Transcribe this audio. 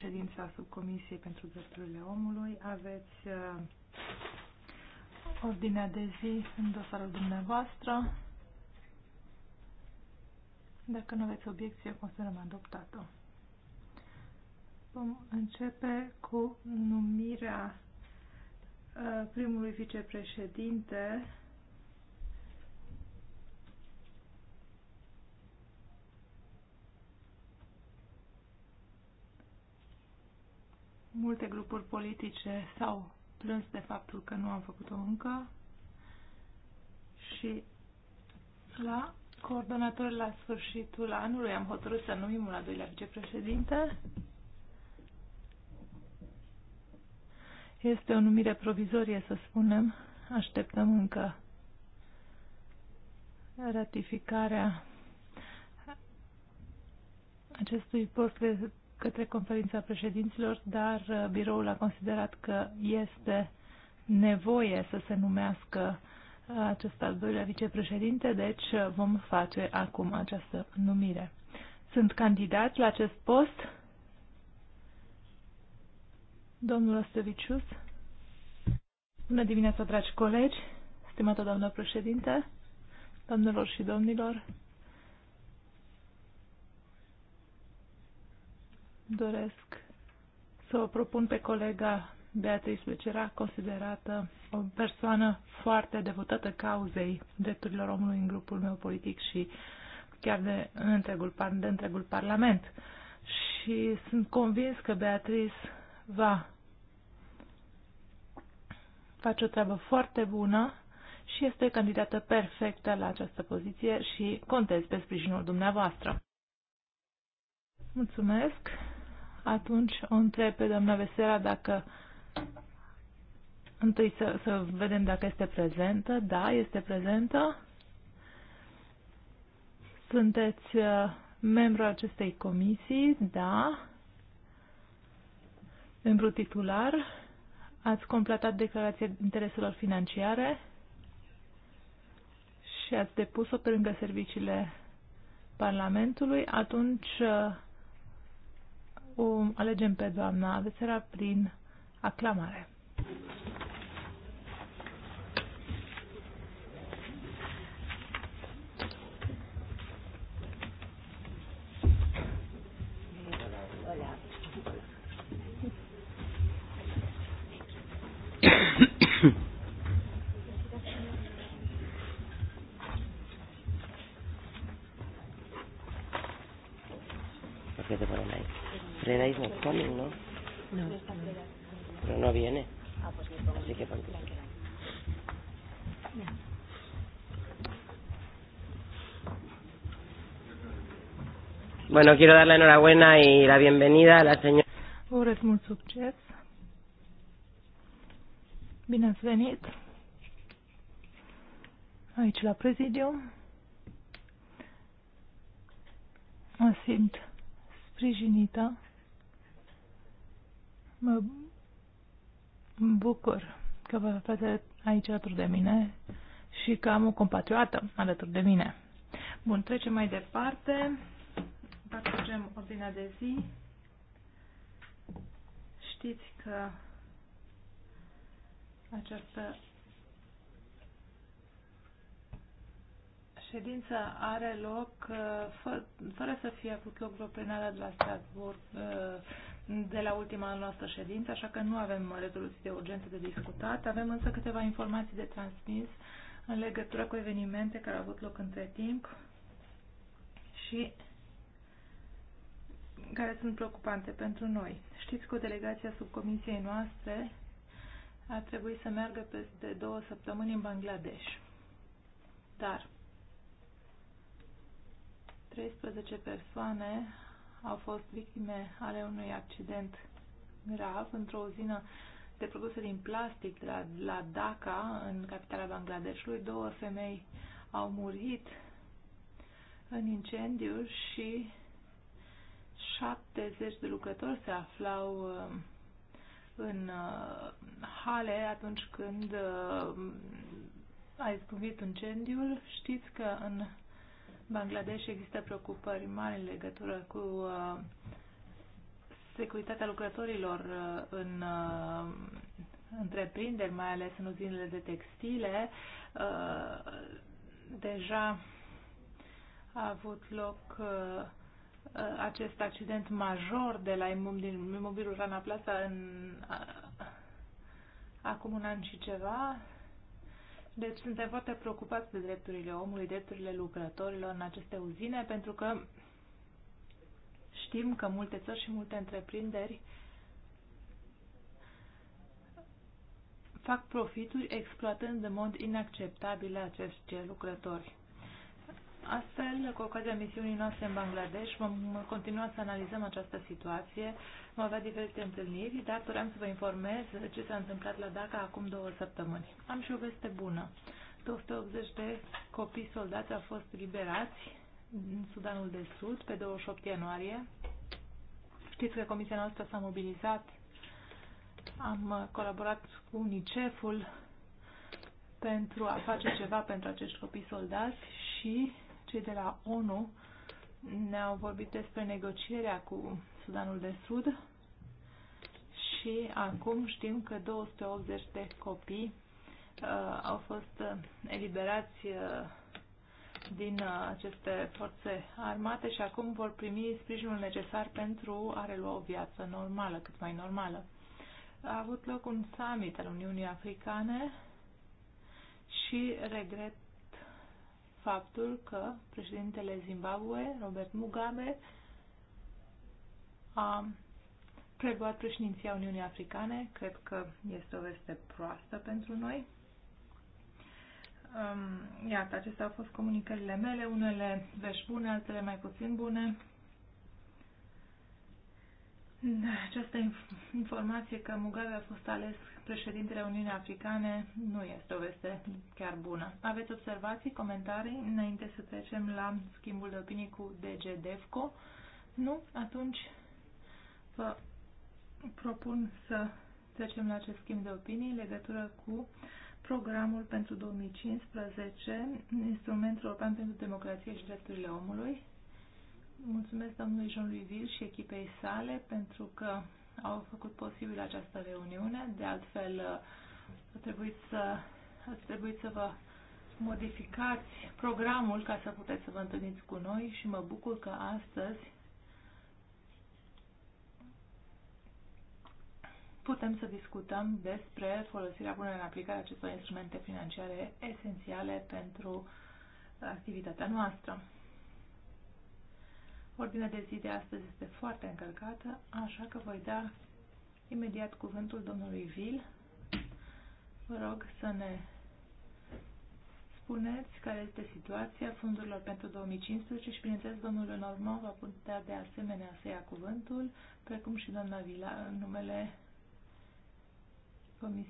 ședința Subcomisiei pentru Drepturile Omului. Aveți uh, ordinea de zi în dosarul dumneavoastră. Dacă nu aveți obiecție, considerăm adoptată. Vom începe cu numirea uh, primului vicepreședinte Multe grupuri politice s-au plâns de faptul că nu am făcut-o încă și la coordonator la sfârșitul anului am hotărât să numim un al doilea vicepreședinte. Este o numire provizorie, să spunem. Așteptăm încă ratificarea acestui post către conferința președinților, dar uh, biroul a considerat că este nevoie să se numească uh, acest al doilea vicepreședinte, deci uh, vom face acum această numire. Sunt candidați la acest post? Domnul Ostevicius. Bună dimineața, dragi colegi, stimată doamnă președinte, doamnelor și domnilor. doresc să o propun pe colega Beatrice Becera, considerată o persoană foarte devotată cauzei drepturilor omului în grupul meu politic și chiar de întregul, de întregul Parlament. Și sunt convins că Beatrice va face o treabă foarte bună și este candidată perfectă la această poziție și contez pe sprijinul dumneavoastră. Mulțumesc atunci o întreb pe doamna Vesera dacă întâi să, să vedem dacă este prezentă. Da, este prezentă. Sunteți uh, membru acestei comisii, da. Membru titular. Ați completat declarația intereselor financiare și ați depus-o pe lângă serviciile Parlamentului. Atunci uh, o alegem pe doamna Vesera prin aclamare. Gracias. Freda is not ¿no? No. Pero no viene. Ah, Así que tranquilo. Bueno, quiero dar la enhorabuena y la bienvenida a la señora. Urez mult succes. Bine ați venit aici la prezidiu. Mă simt sprijinită Mă bucur că vă aflați aici alături de mine și că am o compatrioată alături de mine. Bun, trecem mai departe. Parcurgem ordinea de zi. Știți că această ședință are loc uh, fără să fie cu loc plenară de la Strasburg uh, de la ultima noastră ședință, așa că nu avem rezoluții de urgență de discutat. Avem însă câteva informații de transmis în legătură cu evenimente care au avut loc între timp și care sunt preocupante pentru noi. Știți că o delegație a subcomisiei noastre a trebuit să meargă peste două săptămâni în Bangladesh. Dar 13 persoane au fost victime ale unui accident grav într-o uzină de produse din plastic de la, la Dhaka, în capitala Bangladeshului. Două femei au murit în incendiu și 70 de lucrători se aflau uh, în uh, hale atunci când uh, a izbucnit incendiul. Știți că în Bangladesh există preocupări mari în legătură cu uh, securitatea lucrătorilor uh, în uh, întreprinderi, mai ales în uzinele de textile. Uh, deja a avut loc uh, uh acest accident major de la imobilul Rana Plaza în, uh, acum un an și ceva deci suntem foarte preocupați de drepturile omului, drepturile lucrătorilor în aceste uzine, pentru că știm că multe țări și multe întreprinderi fac profituri exploatând în mod inacceptabil acești lucrători. Astfel, cu ocazia misiunii noastre în Bangladesh, vom continua să analizăm această situație. Vom avea diferite întâlniri, dar doream să vă informez ce s-a întâmplat la DACA acum două săptămâni. Am și o veste bună. 280 de copii soldați au fost liberați în Sudanul de Sud pe 28 ianuarie. Știți că comisia noastră s-a mobilizat. Am colaborat cu UNICEF-ul pentru a face ceva pentru acești copii soldați și cei de la ONU ne-au vorbit despre negocierea cu Sudanul de Sud și acum știm că 280 de copii uh, au fost uh, eliberați uh, din uh, aceste forțe armate și acum vor primi sprijinul necesar pentru a relua o viață normală, cât mai normală. A avut loc un summit al Uniunii Africane și regret faptul că președintele Zimbabwe, Robert Mugabe, a preluat președinția Uniunii Africane. Cred că este o veste proastă pentru noi. Um, iată, acestea au fost comunicările mele, unele vești bune, altele mai puțin bune. Da, această informație că Mugabe a fost ales președintele Uniunii Africane nu este o veste chiar bună. Aveți observații, comentarii înainte să trecem la schimbul de opinii cu DG DEFCO? Nu? Atunci vă propun să trecem la acest schimb de opinii în legătură cu programul pentru 2015, Instrumentul European pentru Democrație și Drepturile Omului, Mulțumesc domnului Jean-Louis Vil și echipei sale pentru că au făcut posibil această reuniune. De altfel, a trebuit să, a trebuit să vă modificați programul ca să puteți să vă întâlniți cu noi și mă bucur că astăzi putem să discutăm despre folosirea bună în aplicare acestor instrumente financiare esențiale pentru activitatea noastră. Ordinea de zi de astăzi este foarte încărcată, așa că voi da imediat cuvântul domnului Vil. Vă rog să ne spuneți care este situația fundurilor pentru 2015 și, bineînțeles, domnul Normand va putea de asemenea să ia cuvântul, precum și doamna Vila, în numele Comisiei.